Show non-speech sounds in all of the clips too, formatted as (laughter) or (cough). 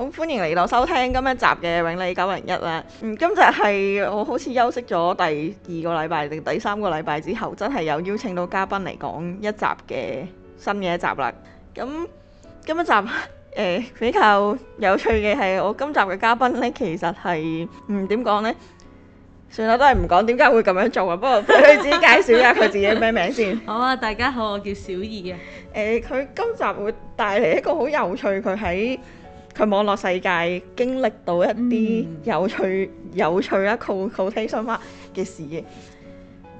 咁歡迎嚟到收聽今一集嘅永利九零一啦。嗯，今日係我好似休息咗第二個禮拜定第三個禮拜之後，真係有邀請到嘉賓嚟講一集嘅新嘅一集啦。咁今一集誒、呃、比較有趣嘅係我今集嘅嘉賓咧，其實係唔點講呢？算啦，都係唔講點解會咁樣做啊。 (laughs) 不過俾佢自己介紹一下佢自己咩名先。 (laughs) 好啊，大家好，我叫小意。啊。誒、呃，佢今集會帶嚟一個好有趣，佢喺。去網絡世界經歷到一啲有趣、嗯、有趣啊、好奇心啊嘅事嘅。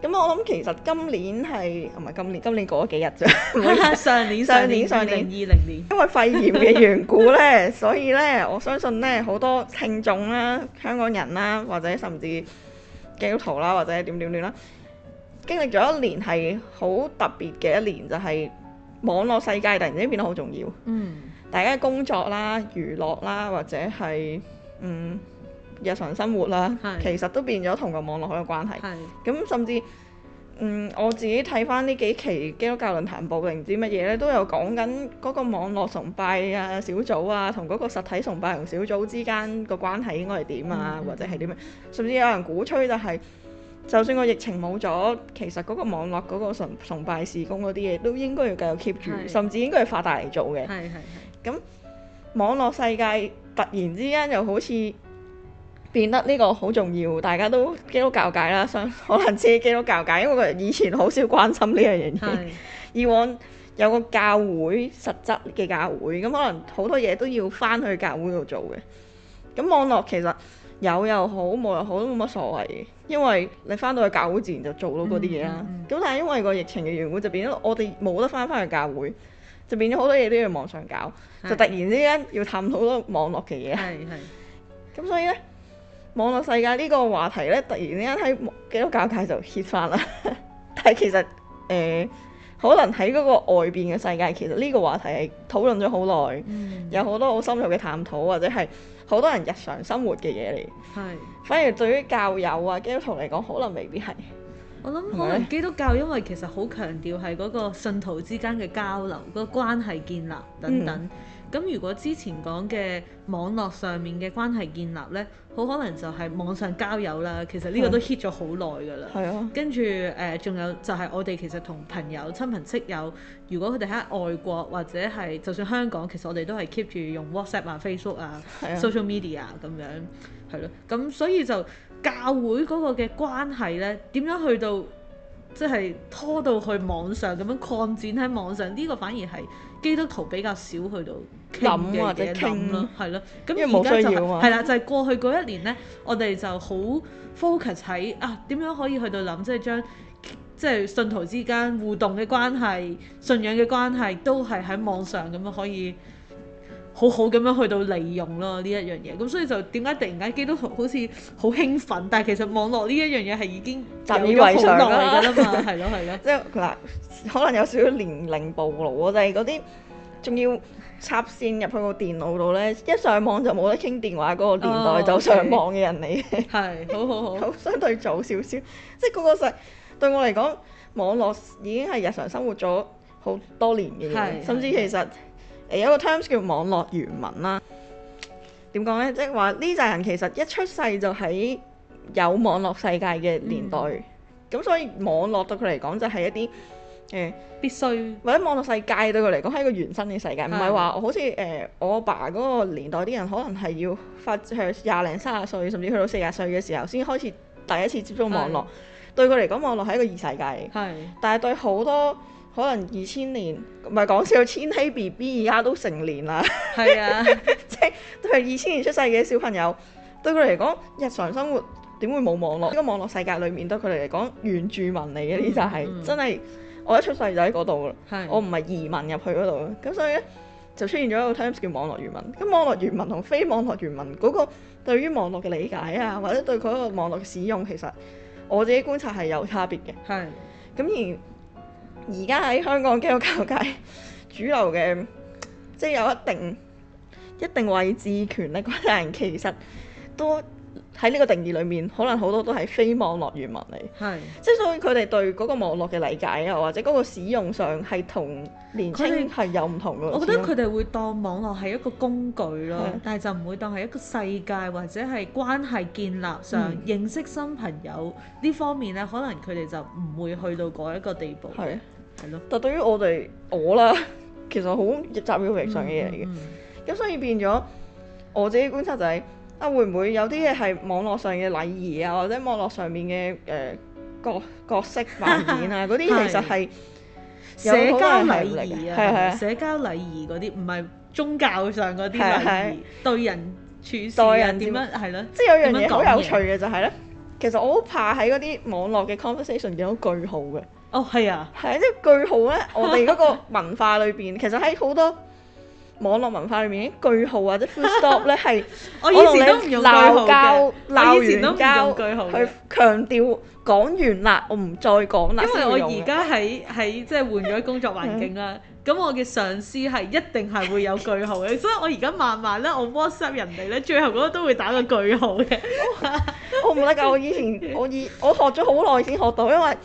咁我諗其實今年係，唔係今年，今年過咗幾日啫。 (laughs) 上年、 (laughs) 上年、上年二零年，因為肺炎嘅緣故咧， (laughs) 所以咧，我相信咧，好多聽眾啦、香港人啦，或者甚至基督徒啦，或者點點點啦，經歷咗一年係好特別嘅一年，就係、是、網絡世界突然之間變得好重要。嗯。大家嘅工作啦、娛樂啦，或者係嗯日常生活啦，其實都變咗同個網絡好有關係。咁甚至嗯我自己睇翻呢幾期基督教論壇報定唔知乜嘢咧，都有講緊嗰個網絡崇拜啊、小組啊，同嗰個實體崇拜同小組之間個關係應該係點啊，或者係點？甚至有人鼓吹就係，就算個疫情冇咗，其實嗰個網絡嗰個崇崇拜事工嗰啲嘢都應該要繼續 keep 住，甚至應該要發大嚟做嘅。咁網絡世界突然之間又好似變得呢個好重要，大家都基督教界啦，相可能自己基督教界，因為佢以前好少關心呢樣嘢。是以往有個教會實質嘅教會，咁可能好多嘢都要翻去教會度做嘅。咁網絡其實有又好，冇又好都冇乜所謂嘅，因為你翻到去教會自然就做到嗰啲嘢啦。咁、嗯嗯嗯、但係因為個疫情嘅原因，就變咗我哋冇得翻返去教會。就變咗好多嘢都要網上搞，的就突然之間要探討好多網絡嘅嘢。係係。咁所以咧，網絡世界呢個話題咧，突然之間喺基督教界就 h i t 翻啦。 (laughs) 但係其實誒、呃，可能喺嗰個外邊嘅世界，其實呢個話題係討論咗好耐，嗯、有好多好深入嘅探討，或者係好多人日常生活嘅嘢嚟。係的。反而對於教友啊基督徒嚟講，可能未必係。我諗可能基督教因為其實好強調係嗰個信徒之間嘅交流、嗰個關係建立等等。咁、嗯、如果之前講嘅網絡上面嘅關係建立呢，好可能就係網上交友啦。其實呢個都 hit 咗好耐㗎啦。嗯、跟住誒，仲、呃、有就係我哋其實同朋友、親朋戚友，如果佢哋喺外國或者係就算香港，其實我哋都係 keep 住用 WhatsApp 啊、Facebook 啊、social media、嗯、啊咁樣，係咯、嗯。咁所以就。教會嗰個嘅關係呢，點樣去到即係、就是、拖到去網上咁樣擴展喺網上？呢、這個反而係基督徒比較少去到諗或者傾咯，係咯、嗯。咁而家就係、是啊、啦，就係、是、過去嗰一年呢，我哋就好 focus 喺啊點樣可以去到諗，即係將即係信徒之間互動嘅關係、信仰嘅關係，都係喺網上咁樣可以。好好咁樣去到利用咯呢一樣嘢，咁、嗯、所以就點解突然間基督徒好似好興奮，但係其實網絡呢一樣嘢係已經習以為常㗎啦嘛，係咯係咯， (laughs) (laughs) 即係嗱，可能有少少年齡暴露，我哋嗰啲仲要插線入去個電腦度呢，一上網就冇得傾電話嗰個年代就上網嘅人嚟嘅，係 (laughs) (laughs) 好好好，好，相對早少少，即係嗰個世對我嚟講，網絡已經係日常生活咗好多年嘅， (laughs) 甚至其實。誒有個 terms 叫網絡原文啦，點講呢？即係話呢扎人其實一出世就喺有網絡世界嘅年代，咁、嗯、所以網絡對佢嚟講就係一啲誒、呃、必須，或者網絡世界對佢嚟講係一個原生嘅世界，唔係話好似誒、呃、我阿爸嗰個年代啲人可能係要發出廿零、三十歲，甚至去到四十歲嘅時候先開始第一次接觸網絡，的對佢嚟講網絡係一個異世界，係的，但係對好多。可能二千年，唔係講笑，千禧 B B 而家都成年啦。係啊，即係都二千年出世嘅小朋友，對佢嚟講，日常生活點會冇網絡？呢個網絡世界裏面對佢哋嚟講，原住民嚟嘅啲就係真係我一出世就喺嗰度啦。是的 我唔係移民入去嗰度。咁所以咧就出現咗一個 terms 叫網絡原文。咁網絡原文同非網絡原文嗰個對於網絡嘅理解啊，或者對佢嗰個網絡使用，其實我自己觀察係有差別嘅。係。咁而而家喺香港基督教界主流嘅，即係有一定一定位置權力嗰啲人，其實都喺呢個定義裏面，可能好多都係非網絡原文嚟。係是，即係所以佢哋對嗰個網絡嘅理解啊，或者嗰個使用上係同年輕係有唔同㗎。我覺得佢哋會當網絡係一個工具咯，是但係就唔會當係一個世界，或者係關係建立上、嗯、認識新朋友呢方面咧，可能佢哋就唔會去到嗰一個地步。係咯，但對於我哋我啦，其實好習以為常嘅嘢嚟嘅。咁、嗯嗯、所以變咗我自己觀察就係、是、啊，會唔會有啲嘢係網絡上嘅禮儀啊，或者網絡上面嘅誒角角色扮演啊，嗰啲 (laughs) 其實係社交禮儀啊，社交禮儀嗰啲唔係宗教上嗰啲禮儀，是是是對人處事對人點樣係咯？即係有樣嘢好有趣嘅就係咧，其實我好怕喺嗰啲網絡嘅 conversation 見到句號嘅。哦，係啊，係啊，即係句號咧。我哋嗰個文化裏邊， (laughs) 其實喺好多網絡文化裏面，啲句號或者 full stop 咧係， (laughs) 我，我以前都唔用句號嘅，我都唔用句號嘅，去強調講完啦，我唔再講啦。因為我而家喺喺即係換咗工作環境啦，咁 (laughs) 我嘅上司係一定係會有句號嘅， (laughs) 所以我而家慢慢咧，我 WhatsApp 人哋咧，最後嗰個都會打個句號嘅。 (laughs) 我唔得㗎，我以前我以我學咗好耐先學到，因為。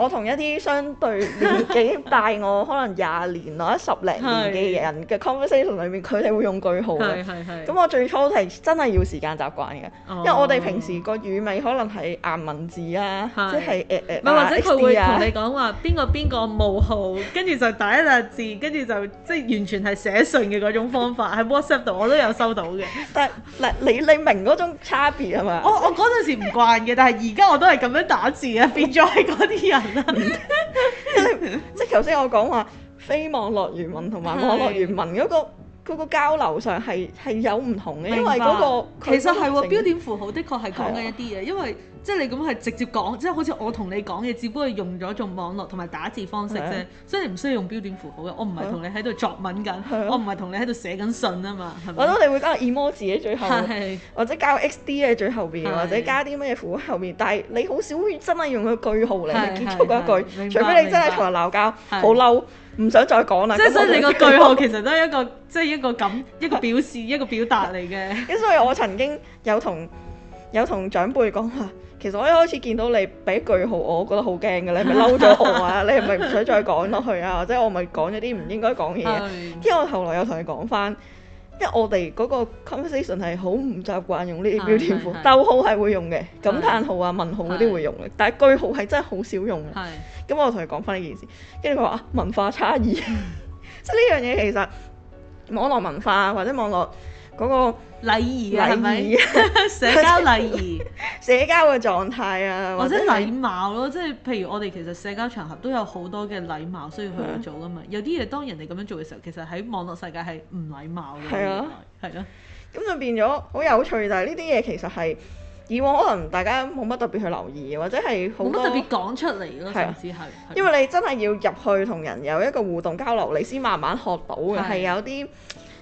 我同一啲相對年紀大我 (laughs) 可能廿年或者 (laughs) 十零年嘅人嘅 conversation 裏面，佢哋會用句號嘅。咁 (laughs) (laughs) (laughs) 我最初係真係要時間習慣嘅，哦、因為我哋平時個語尾可能係顏文字啊，是即係誒誒，唔、呃、係、呃、或者佢會同你講話邊個邊個冒號，跟住 (laughs) 就打一笪字，跟住就即係完全係寫信嘅嗰種方法喺 WhatsApp 度， (laughs) Wh 我都有收到嘅。但嗱你你明嗰種差別係嘛？ (laughs) 我我嗰陣時唔慣嘅，但係而家我都係咁樣打字啊，變咗係嗰啲人。 (laughs) 即係頭先我講話，非網絡原文同埋網絡原文嗰個。嗰個交流上係係有唔同嘅，因為嗰個其實係喎標點符號的確係講緊一啲嘢，因為即係你咁係直接講，即係好似我同你講嘢，只不過用咗種網絡同埋打字方式啫，所以你唔需要用標點符號嘅。我唔係同你喺度作文緊，我唔係同你喺度寫緊信啊嘛。我覺得你會加 emoji 喺最後，或者加個 XD 喺最後邊，或者加啲咩符號喺後面。但係你好少真係用個句號嚟結束嗰一句，除非你真係同人鬧交，好嬲。唔想再講啦，即係所以你個句號其實都係一個，即係一個咁，一個表示，一個表達嚟嘅。咁 (laughs) 所以我曾經有同有同長輩講話，其實我一開始見到你俾句號，我覺得好驚嘅，你係咪嬲咗我啊？ (laughs) 你係咪唔想再講落去啊？或者 (laughs) 我咪講咗啲唔應該講嘅嘢啊？之後 (laughs) 我後來又同你講翻。因為我哋嗰個 conversation 係好唔習慣用呢啲標點符，逗號，啊、係會用嘅，對感嘆號啊、問號嗰啲會用嘅，對但係句號係真係好少用嘅。咁對、嗯、我同佢講返呢件事，跟住佢話文化差異，即係呢樣嘢其實網絡文化或者網絡。嗰個禮儀啊，係咪、啊？係係 (laughs) 社交禮儀、 (laughs) 社交嘅狀態啊，或者禮貌咯、啊，即係者、啊就係、譬如我哋其實社交場合都有好多嘅禮貌需要去做噶嘛。啊、有啲嘢當人哋咁樣做嘅時候，其實喺網絡世界係唔禮貌嘅，係啊，係咯。咁就變咗好有趣，就係呢啲嘢其實係以往可能大家冇乜特別去留意，或者係冇乜特別講出嚟咯。其實係因為你真係要入去同人有一個互動交流，你先慢慢學到嘅係有啲。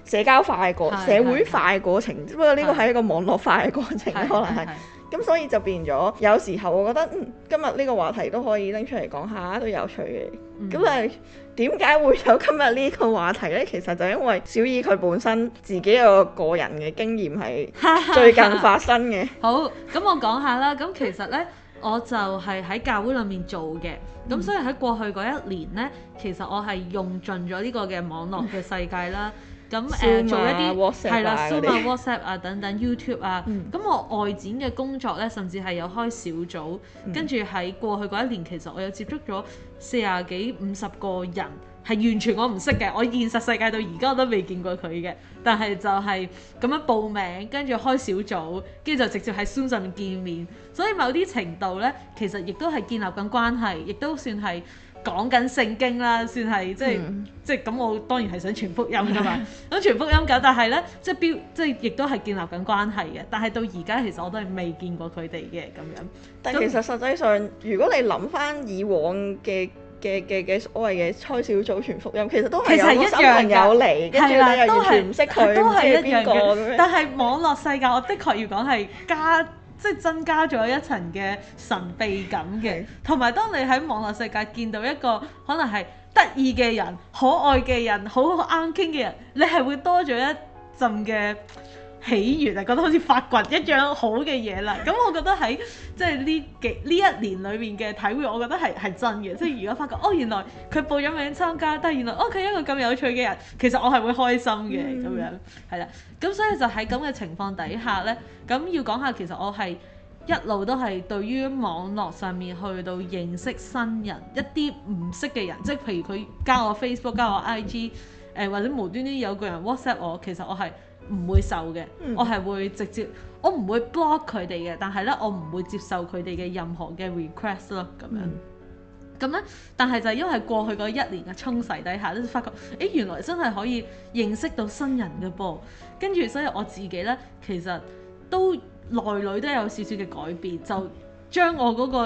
社交化嘅的社會化嘅過程，不過呢個係一個網絡化嘅過程，的可能係咁，的所以就變咗的有時候我覺得，嗯，今日呢個話題都可以拎出嚟講下，都有趣嘅。咁啊、嗯，點解會有今日呢個話題呢？其實就因為小意佢本身自己有個人嘅經驗係最近發生嘅。 (laughs) 好，咁我講下啦。咁其實呢，我就係喺教會裏面做嘅，咁、嗯、所以喺過去嗰一年呢，其實我係用盡咗呢個嘅網絡嘅世界啦。 (laughs) 咁誒做一啲係啦，燒麥 WhatsApp, WhatsApp 啊、等等，YouTube 啊，咁、嗯、我外展嘅工作呢，甚至係有開小組，嗯、跟住喺過去嗰一年，其實我有接觸咗四十幾五十個人，係完全我唔識嘅，我現實世界到而家我都未見過佢嘅，但係就係咁樣報名，跟住開小組，跟住就直接喺線上面見面，所以某啲程度呢，其實亦都係建立緊關係，亦都算係。講緊聖經啦，算係即係、嗯、即係咁，我當然係想傳福音㗎嘛。咁 (laughs) 傳福音咁，但係咧即係標即係亦都係建立緊關係嘅。但係到而家其實我都係未見過佢哋嘅咁樣。但其實就實際上，如果你諗返以往嘅嘅嘅嘅所謂嘅賽小組傳福音，其實都其實一樣有嚟，嘅。係啦是，都係唔識佢，都係一樣，但係網絡世界， (laughs) 我的確要講係加。即係增加咗一層嘅神秘感嘅，同埋當你喺網絡世界見到一個可能係得意嘅人、可愛嘅人、好好啱傾嘅人，你係會多咗一陣嘅。喜悅啊，覺得好似發掘一樣好嘅嘢啦。咁我覺得喺即係呢幾呢一年裏面嘅體會，我覺得係係真嘅。即係如果發覺哦，原來佢報咗名參加，但係原來哦，佢係一個咁有趣嘅人，其實我係會開心嘅咁、嗯、樣，係啦。咁所以就喺咁嘅情況底下呢，咁要講下其實我係一路都係對於網絡上面去到認識新人一啲唔識嘅人，即係譬如佢加我 Facebook、加我 IG，誒、呃、或者無端端有個人 WhatsApp 我，其實我係。唔會受嘅，嗯、我係會直接，我唔會 block 佢哋嘅，但係咧我唔會接受佢哋嘅任何嘅 request 咯咁樣。咁咧、嗯，但係就係因為過去嗰一年嘅沖洗底下，都發覺，誒，原來真係可以認識到新人嘅噃。跟住所以我自己咧，其實都內裏都有少少嘅改變，就將我嗰個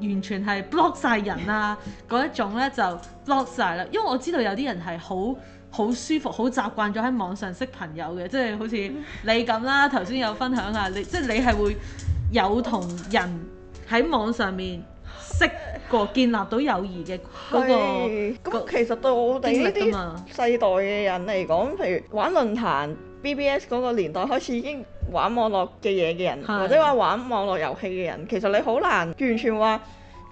完全係 block 晒人啊，嗰、嗯、一種咧就 block 晒啦。因為我知道有啲人係好。好舒服，好習慣咗喺網上識朋友嘅，即係好似你咁啦。頭先有分享啊，你即係你係會有同人喺網上面識過、建立到友誼嘅嗰個。咁其實對我哋呢啲世代嘅人嚟講，譬如玩論壇、BBS 嗰個年代開始已經玩網絡嘅嘢嘅人，是或者話玩網絡遊戲嘅人，其實你好難完全話。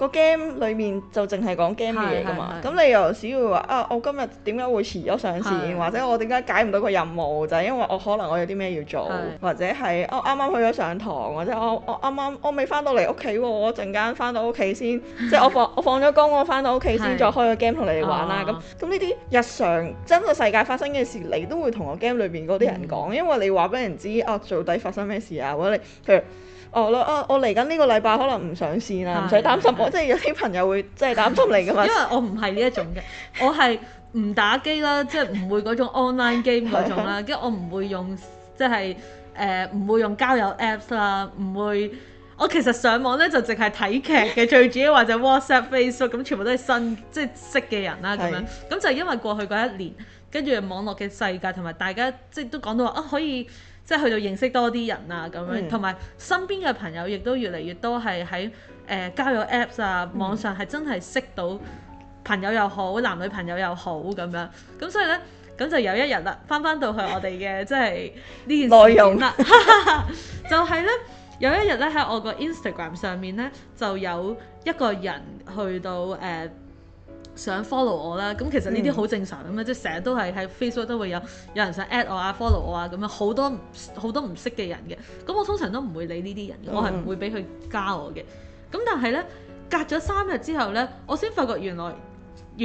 個 game 裏面就淨係講 game 嘅嘢㗎嘛，咁 (music) 你又有時會話啊，我今日點解會遲咗上線， (music) 或者我點解解唔到個任務，就係、是、因為我可能我有啲咩要做， (music) 或者係我啱啱去咗上堂，或者、哦、我我啱啱我未翻到嚟屋企喎，我陣間翻到屋企先， (laughs) 即係我，我放我放咗工我翻到屋企先再開個 game 同你哋玩啦咁。咁呢啲日常真實世界發生嘅事，你都會同我 game 裏邊嗰啲人講，嗯、因為你話俾人知啊，到底發生咩事啊，或者你譬如。哦，咯、oh, uh, Right，我我嚟緊呢個禮拜可能唔上線啦，唔使擔心。我即係有啲朋友會即係擔心嚟㗎嘛。 (noise) 因為我唔係呢一種嘅，我係唔打機啦，即係唔會嗰種 online game 嗰種啦，跟住 (laughs) 我唔會用即係誒唔會用交友 apps 啦，唔會我其實上網咧就淨係睇劇嘅，最主要或者 WhatsApp、Facebook 咁全部都係新即係識嘅人啦咁樣。咁就係因為過去嗰一年，跟住網絡嘅世界同埋大家即係都講到話啊，啊可以。即係去到認識多啲人啊，咁樣同埋身邊嘅朋友亦都越嚟越多係喺誒交友 Apps 啊，網上係真係識到朋友又好，男女朋友又好咁樣。咁所以呢，咁就有一日啦，翻翻到去我哋嘅即係呢件內容啦， (laughs) 就係呢，有一日呢，喺我個 Instagram 上面呢，就有一個人去到誒。呃想 follow 我啦，咁其實呢啲好正常咁樣，嗯、即係成日都係喺 Facebook 都會有有人想 add 我啊、follow 我啊咁樣，好多好多唔識嘅人嘅，咁我通常都唔會理呢啲人嘅，嗯，我係唔會俾佢加我嘅。咁但係呢，隔咗三日之後呢，我先發覺原來。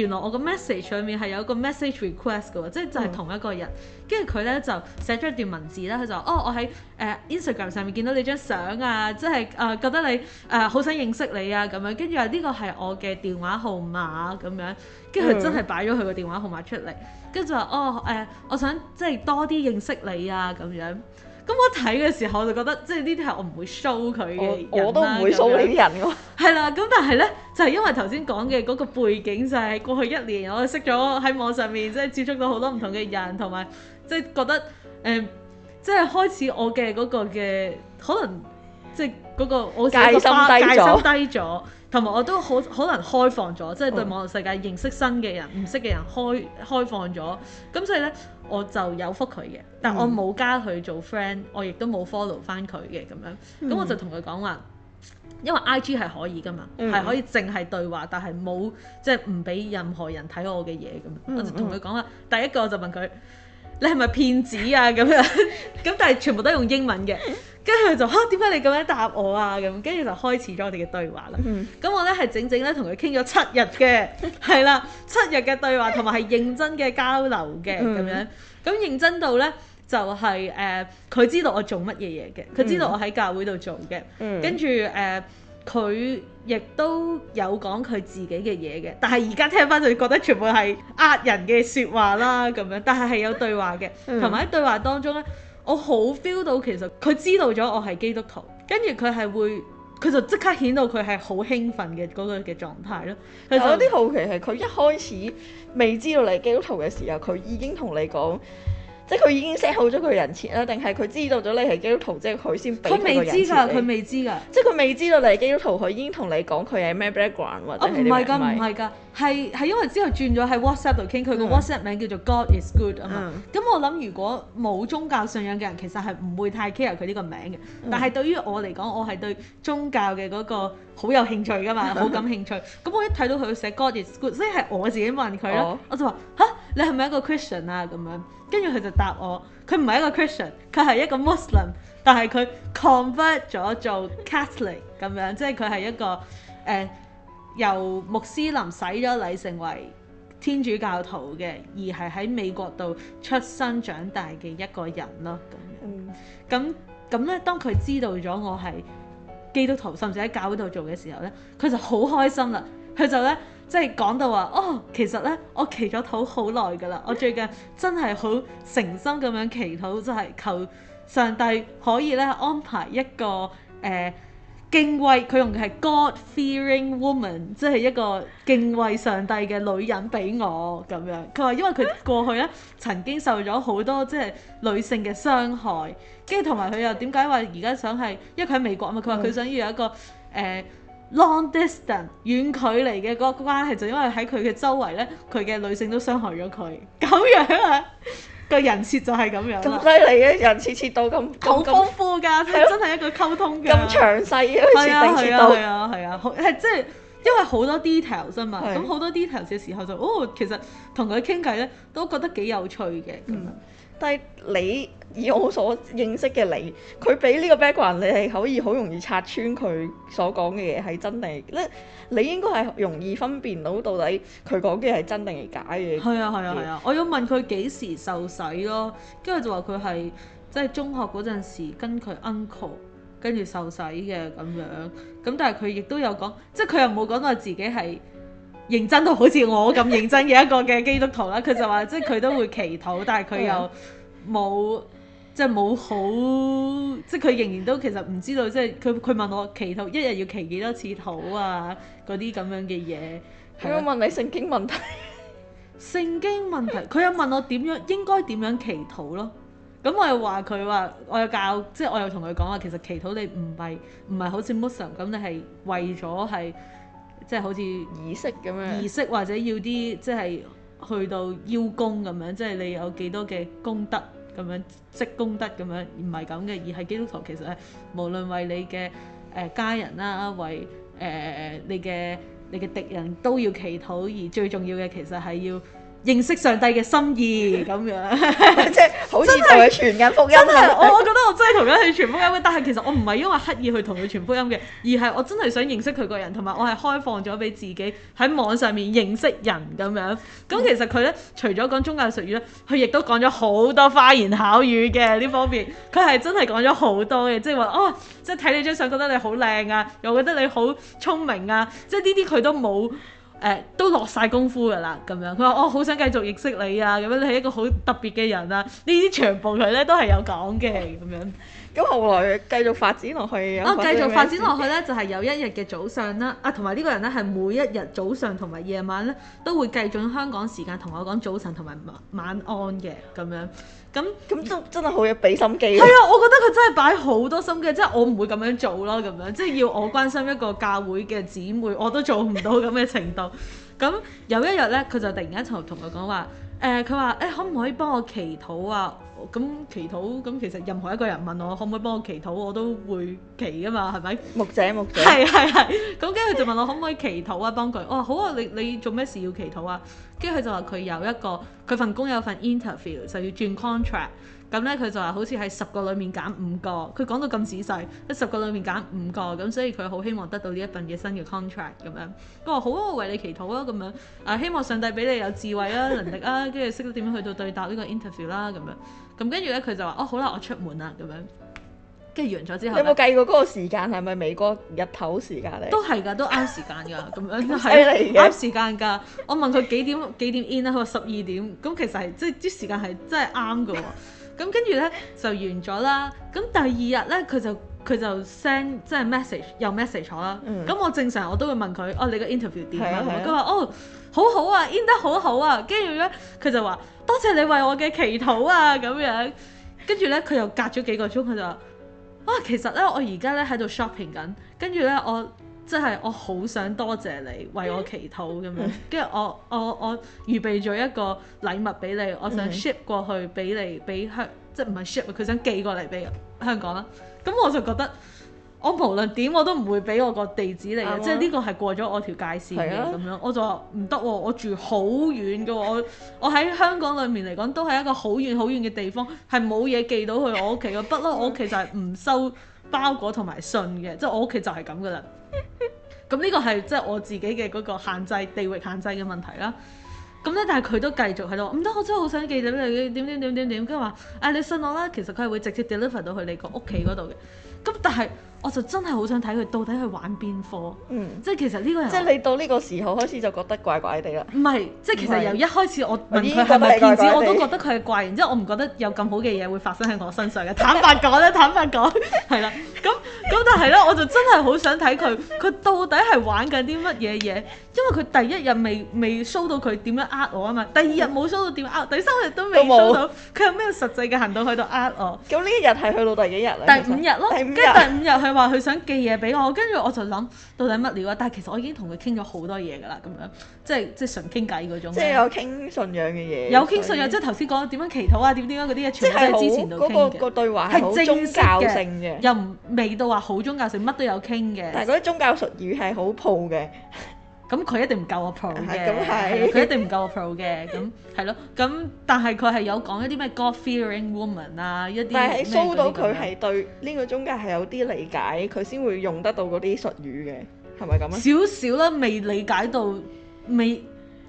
原來我裏個 message 上面係有個 message request 嘅喎，即係就係同一個人，跟住佢咧就寫咗一段文字啦，佢就話：哦，我喺誒、呃、Instagram 上面見到你張相啊，即係誒、呃、覺得你誒好、呃、想認識你啊咁樣，跟住話呢個係我嘅電話號碼咁樣，跟住佢真係擺咗佢個電話號碼出嚟，跟住就話：哦誒、呃，我想即係多啲認識你啊咁樣。咁、嗯、我睇嘅時候我就覺得，即係呢啲係我唔會 show 佢嘅人啦。我都唔會 show 樣你、啊、呢啲人㗎。係啦，咁但係咧，就係、是、因為頭先講嘅嗰個背景，就係過去一年我識咗喺網上面，即係接觸到好多唔同嘅人，同埋即係覺得誒、嗯，即係開始我嘅嗰個嘅可能，即係嗰個我個戒心低咗。同埋我都好可能開放咗，即係對網絡世界認識新嘅人、唔識嘅人開開放咗。咁所以呢，我就有覆佢嘅，但我冇加佢做 friend，我亦都冇 follow 返佢嘅咁樣。咁、嗯、我就同佢講話，因為 IG 係可以㗎嘛，係、嗯、可以淨係對話，但係冇即係唔俾任何人睇我嘅嘢咁。嗯、我就同佢講話，嗯、第一個我就問佢：嗯、你係咪騙子啊？咁樣咁， (laughs) (laughs) 但係全部都用英文嘅。跟住就嚇，點、啊、解你咁樣答我啊？咁跟住就開始咗我哋嘅對話啦。咁、嗯、我咧係整整咧同佢傾咗七日嘅，係啦， (laughs) 七日嘅對話同埋係認真嘅交流嘅咁、嗯、樣。咁認真到咧就係、是、誒，佢、呃、知道我做乜嘢嘢嘅，佢知道我喺教會度做嘅。跟住誒，佢亦、呃、都有講佢自己嘅嘢嘅。但係而家聽返就覺得全部係呃人嘅説話啦咁樣。但係係有對話嘅，同埋喺對話當中咧。我好 feel 到其實佢知道咗我係基督徒，跟住佢係會佢就即刻顯到佢係好興奮嘅嗰個嘅狀態咯。其實有啲好奇係佢一開始未知道你係基督徒嘅時候，佢已經同你講。即係佢已經 set 好咗佢人設啦，定係佢知道咗你係基督徒，即係佢先俾呢個人設？佢未知㗎，佢未知㗎。即係佢未知到你係基督徒，佢已經同你講佢係咩 background 或者？哦、啊，唔係㗎，唔係㗎，係係因為之後轉咗喺 WhatsApp 度傾，佢個 WhatsApp 名叫做 God、嗯、God is good 啊嘛。咁、嗯、我諗如果冇宗教信仰嘅人，其實係唔會太 care 佢呢個名嘅。嗯、但係對於我嚟講，我係對宗教嘅嗰個好有興趣㗎嘛，好感興趣。咁 (laughs) 我一睇到佢寫 God is good，所以係我自己問佢咯。哦、我就話吓？」你係咪一個 Christian 啊？咁樣，跟住佢就答我，佢唔係一個 Christian，佢係一個 Muslim，但係佢 convert 咗做 Catholic 咁樣，即係佢係一個誒、呃、由穆斯林洗咗禮成為天主教徒嘅，而係喺美國度出生長大嘅一個人咯。咁，咁咁咧，當佢知道咗我係基督徒，甚至喺教度做嘅時候咧，佢就好開心啦，佢就咧。即係講到話，哦，其實呢，我祈咗禱好耐㗎啦，我最近真係好誠心咁樣祈禱，就係、是、求上帝可以咧安排一個誒、呃、敬畏，佢用嘅係 God-fearing woman，即係一個敬畏上帝嘅女人俾我咁樣。佢話因為佢過去咧曾經受咗好多即係女性嘅傷害，跟住同埋佢又點解話而家想係，因為佢喺美國啊嘛，佢話佢想要有一個誒。呃 Long distance 遠距離嘅嗰個關係就因為喺佢嘅周圍咧，佢嘅女性都傷害咗佢，咁樣啊，個人設就係咁樣、啊。咁犀利嘅人設設到咁，好豐富㗎、啊，係了真係一個溝通嘅、啊。咁詳細，嘅。似第一係啊係啊係啊係啊，即係、啊啊啊啊就係、因為好多 detail 啫嘛，咁好是多 detail 嘅時候就哦，其實同佢傾偈咧都覺得幾有趣嘅咁、嗯、樣。但係你以我所認識嘅你，佢俾呢個 background，你係可以好容易拆穿佢所講嘅嘢係真定，咧你應該係容易分辨到到底佢講嘅嘢係真定係假嘅。係 (noise) 啊係啊係啊！我要問佢幾時受洗咯，跟住就話佢係即係中學嗰陣時跟佢 uncle 跟住受洗嘅咁樣。咁但係佢亦都有講，即係佢又冇講到自己係。認真到好似我咁認真嘅一個嘅基督徒啦，佢就話即係佢都會祈禱，但係佢又冇即係冇好，即係佢仍然都其實唔知道，即係佢佢問我祈禱一日要祈幾多次禱啊嗰啲咁樣嘅嘢。佢問你聖經問題 (laughs) 聖經問題，聖經問題，佢又問我點樣應該點樣祈禱咯。咁我又話佢話，我又教即係我又同佢講話，其實祈禱你唔係唔係好似 Muslim 咁，你係為咗係。即係好似儀式咁樣，儀式或者要啲即係去到邀功咁樣，即係你有幾多嘅功德咁樣，積功德咁樣，唔係咁嘅，而係基督徒其實係無論為你嘅誒、呃、家人啦，為誒、呃、你嘅你嘅敵人都要祈禱，而最重要嘅其實係要認識上帝嘅心意咁樣，即係好似同佢傳緊福音。真係的，我 (laughs) 我覺得我真係同佢去傳福音， (laughs) 但係其實我唔係因為刻意去同佢傳福音嘅，而係我真係想認識佢個人，同埋我係開放咗俾自己喺網上面認識人咁樣。咁其實佢咧，除咗講宗教術語咧，佢亦都講咗好多花言巧語嘅呢方面。佢係真係講咗好多嘅，即係話哦，即係睇你張相覺得你好靚啊，又覺得你好聰明啊，即係呢啲佢都冇。誒、呃、都落晒功夫㗎啦，咁樣佢話我好想繼續認識你啊，咁樣你係一個好特別嘅人啊，呢啲全部佢咧都係有講嘅，咁樣。咁後來繼續發展落去啊、哦！繼續發展落去咧，就係有一日嘅早上啦， (laughs) 啊，同埋呢個人咧，係每一日早上同埋夜晚咧，都會計準香港時間同我講早晨同埋晚安嘅咁樣。咁咁就、嗯、真真係好有俾心機。係啊，我覺得佢真係擺好多心機，即、就、係、是、我唔會咁樣做咯，咁樣即係、就是、要我關心一個教會嘅姊妹，我都做唔到咁嘅程度。咁 (laughs) 有一日咧，佢就突然間就同我講話，誒、呃，佢話誒，可唔可以幫我祈禱啊？咁祈禱咁，其實任何一個人問我可唔可以幫我祈禱，我都會祈㗎嘛，係咪？牧者牧者。係係係。咁跟住佢就問我可唔可以祈禱啊？幫佢。哦，好啊，你你做咩事要祈禱啊？跟住佢就話佢有一個佢份工有份 interview 就要轉 contract，咁咧佢就話好似係十個裡面揀五個，佢講到咁仔細，十個裡面揀五個，咁所以佢好希望得到呢一份嘅新嘅 contract 咁樣。我話好啊，我為你祈禱啊，咁樣啊，希望上帝俾你有智慧啊，能力啊，跟住識得點樣去到對答呢個 interview 啦，咁樣。咁跟住咧，佢就話：哦，好啦，我出門啦，咁樣。跟住完咗之後，有冇計過嗰個時間係咪美國日頭時間嚟？都係噶，都啱時間噶，咁樣都係啱時間噶。我問佢幾點 (laughs) 幾點 in 啦，佢話十二點。咁其實係即係啲時間係真係啱噶。咁跟住咧就完咗啦。咁第二日咧，佢就佢就 send 即係 message 又 message 咗啦。咁、嗯、我正常我都會問佢：哦，你個 interview 點啊？佢話：哦。好好啊，in 得好好啊，跟住咧佢就話，多謝你為我嘅祈禱啊，咁樣。跟住咧佢又隔咗幾個鐘，佢就話啊、哦、其實咧我而家咧喺度 shopping 緊，跟住咧我即係我好想多謝你為我祈禱咁樣，跟住我我我預備咗一個禮物俾你，我想 ship 過去俾你俾香即係唔係 ship 佢想寄過嚟俾香港啦，咁我就覺得。我無論點我都唔會俾我個地址你嘅，啊、即係呢個係過咗我條界線嘅咁、啊、樣。我就話唔得，我住好遠嘅，我我喺香港裡面嚟講都係一個好遠好遠嘅地方，係冇嘢寄到去我屋企嘅。 (laughs) 我我不嬲，我屋企就係唔收包裹同埋信嘅，即、就、係、是、我屋企就係咁嘅啦。咁呢 (laughs) 個係即係我自己嘅嗰個限制地域限制嘅問題啦。咁咧，但係佢都繼續喺度話唔得，我真係好想寄到你點點點點點。跟住話誒，你信我啦，其實佢係會直接 deliver 到去你個屋企嗰度嘅。咁但係。我就真係好想睇佢到底去玩邊科，嗯，即係其實呢個人，即係你到呢個時候開始就覺得怪怪地啦。唔係，即係其實由一開始我問佢係咪騙子，我都覺得佢係怪，怪。然之後我唔覺得有咁好嘅嘢會發生喺我身上嘅，坦白講啦，坦白講，係 (laughs) 啦。咁、嗯、咁、嗯、但係咧，我就真係好想睇佢，佢到底係玩緊啲乜嘢嘢？因為佢第一日未未 show 到佢點樣呃我啊嘛，第二日冇 show 到點呃，第三日都未 show 到，佢有咩實際嘅行動喺度呃我？咁呢一日係去到第幾日咧？第五日咯，跟住第五日係。話佢想寄嘢俾我，跟住我就諗到底乜料啊？但係其實我已經同佢傾咗好多嘢噶啦，咁樣即係即係純傾偈嗰種。即係有傾信仰嘅嘢。有傾信仰，以即係頭先講點樣祈禱啊，點點樣嗰啲嘢全部都係之前度傾嘅。係好，嗰個嗰個對話，宗教性嘅，又唔未到話好宗教性，乜都有傾嘅。但係嗰啲宗教術語係好鋪嘅。 (laughs) 咁佢、嗯、一定唔夠我 pro 嘅，佢、啊、一定唔夠我 pro 嘅，咁係咯，咁、 (laughs) 嗯嗯、但係佢係有講一啲咩 God fearing woman 啊，一啲是，但係搜到佢係對呢個中介係有啲理解，佢先會用得到嗰啲術語嘅，係咪咁樣啊？少少啦，未理解到，未。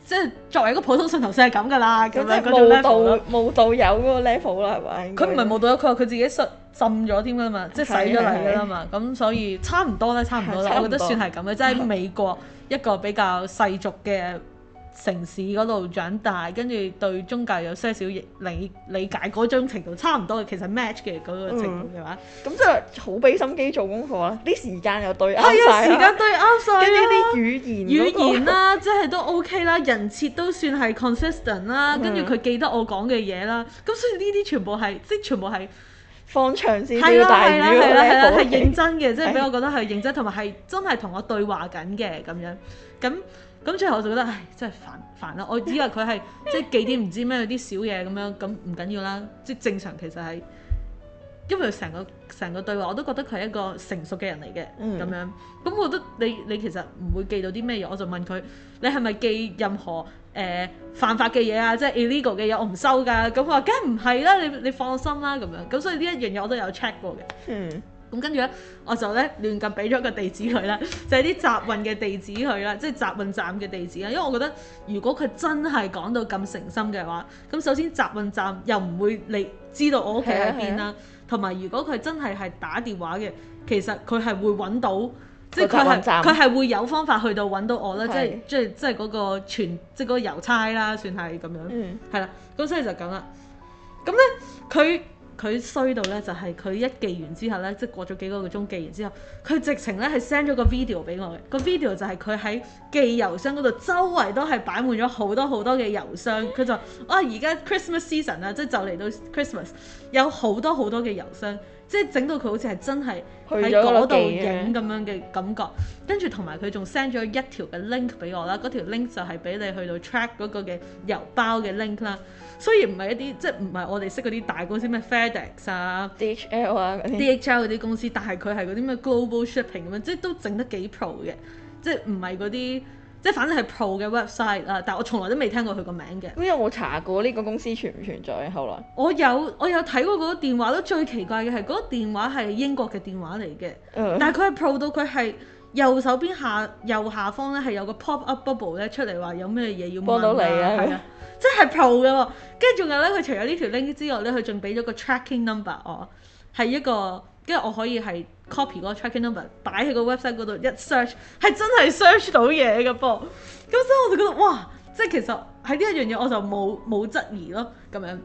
即係作為一個普通信徒先係咁噶啦，咁即係冇道冇道友嗰個 level 啦，係咪？佢唔係冇道友，佢話佢自己信浸咗添噶嘛，的即係洗咗嚟噶啦嘛，咁的所以差唔多啦，差唔多啦，我覺得算係咁嘅，即係美國一個比較世俗嘅。城市嗰度長大，跟住對宗教有些少理理解嗰種程度差唔多，其實 match 嘅嗰個程度嘅話，咁就好俾心機做功課啦，啲時間又對啱曬，時間對啱曬，跟呢啲語言語言啦，即係都 OK 啦，人設都算係 consistent 啦，跟住佢記得我講嘅嘢啦，咁所以呢啲全部係即係全部係放長線要打喎，係啦，係啦，係啦，係認真嘅，即係俾我覺得係認真，同埋係真係同我對話緊嘅咁樣，咁。咁最後我就覺得，唉，真係煩，煩啦！我以為佢係即係寄啲唔知咩啲小嘢咁樣，咁唔緊要啦，即係 (laughs) 正常。其實係因為成個成個對話，我都覺得佢係一個成熟嘅人嚟嘅，咁樣。咁、嗯、我覺得你你其實唔會寄到啲咩嘢，我就問佢，你係咪寄任何誒、呃、犯法嘅嘢啊？即係 illegal 嘅嘢，我唔收㗎。咁佢話：梗係唔係啦，你你放心啦，咁樣。咁所以呢一樣嘢我都有 check 過嘅。嗯。咁、嗯、跟住咧，我就咧亂咁俾咗個地址佢啦，就係啲集運嘅地址佢啦，即係集運站嘅地址啦。因為我覺得如果佢真係講到咁誠心嘅話，咁首先集運站又唔會你知道我屋企喺邊啦，同埋、啊啊、如果佢真係係打電話嘅，其實佢係會揾到，即係佢係佢係會有方法去到揾到我啦的。即係即係即係嗰個傳即係嗰個郵差啦，算係咁樣，係啦、嗯。咁所以就咁啦。咁咧佢。佢衰到呢，就係佢一寄完之後呢，即係過咗幾個個鐘寄完之後，佢直情呢係 send 咗個 video 俾我嘅。個 video 就係佢喺寄郵箱嗰度，周圍都係擺滿咗好多好多嘅郵箱。佢就啊，而家 Christmas season 啊，即係就嚟到 Christmas，有好多好多嘅郵箱，即係整到佢好似係真係喺嗰度影咁樣嘅感覺。跟住同埋佢仲 send 咗一條嘅 link 俾我啦，嗰條 link 就係俾你去到 track 嗰個嘅郵包嘅 link 啦。雖然唔係一啲即係唔係我哋識嗰啲大公司咩 FedEx 啊、DHL 啊、DHL 嗰啲公司，但係佢係嗰啲咩 Global Shipping 咁樣，即係都整得幾 pro 嘅，即係唔係嗰啲，即係反正係 pro 嘅 website 啊。但我從來都未聽過佢個名嘅。因為我查過呢個公司存唔存在喺後來。我有我有睇過嗰個電話咯，都最奇怪嘅係嗰個電話係英國嘅電話嚟嘅，嗯、但係佢係 pro 到佢係右手邊下右下方咧係有個 pop up bubble 咧出嚟話有咩嘢要幫到你啊。係啊。真係 Pro 嘅喎，跟住仲有咧，佢除咗呢條 link 之外咧，佢仲俾咗個 tracking number 我、哦、係一個跟住我可以係 copy 嗰個 tracking number 擺喺個 website 嗰度一 search 係真係 search 到嘢嘅噃，咁、哦嗯、所以我就覺得哇，即係其實喺呢一樣嘢我就冇冇質疑咯咁樣。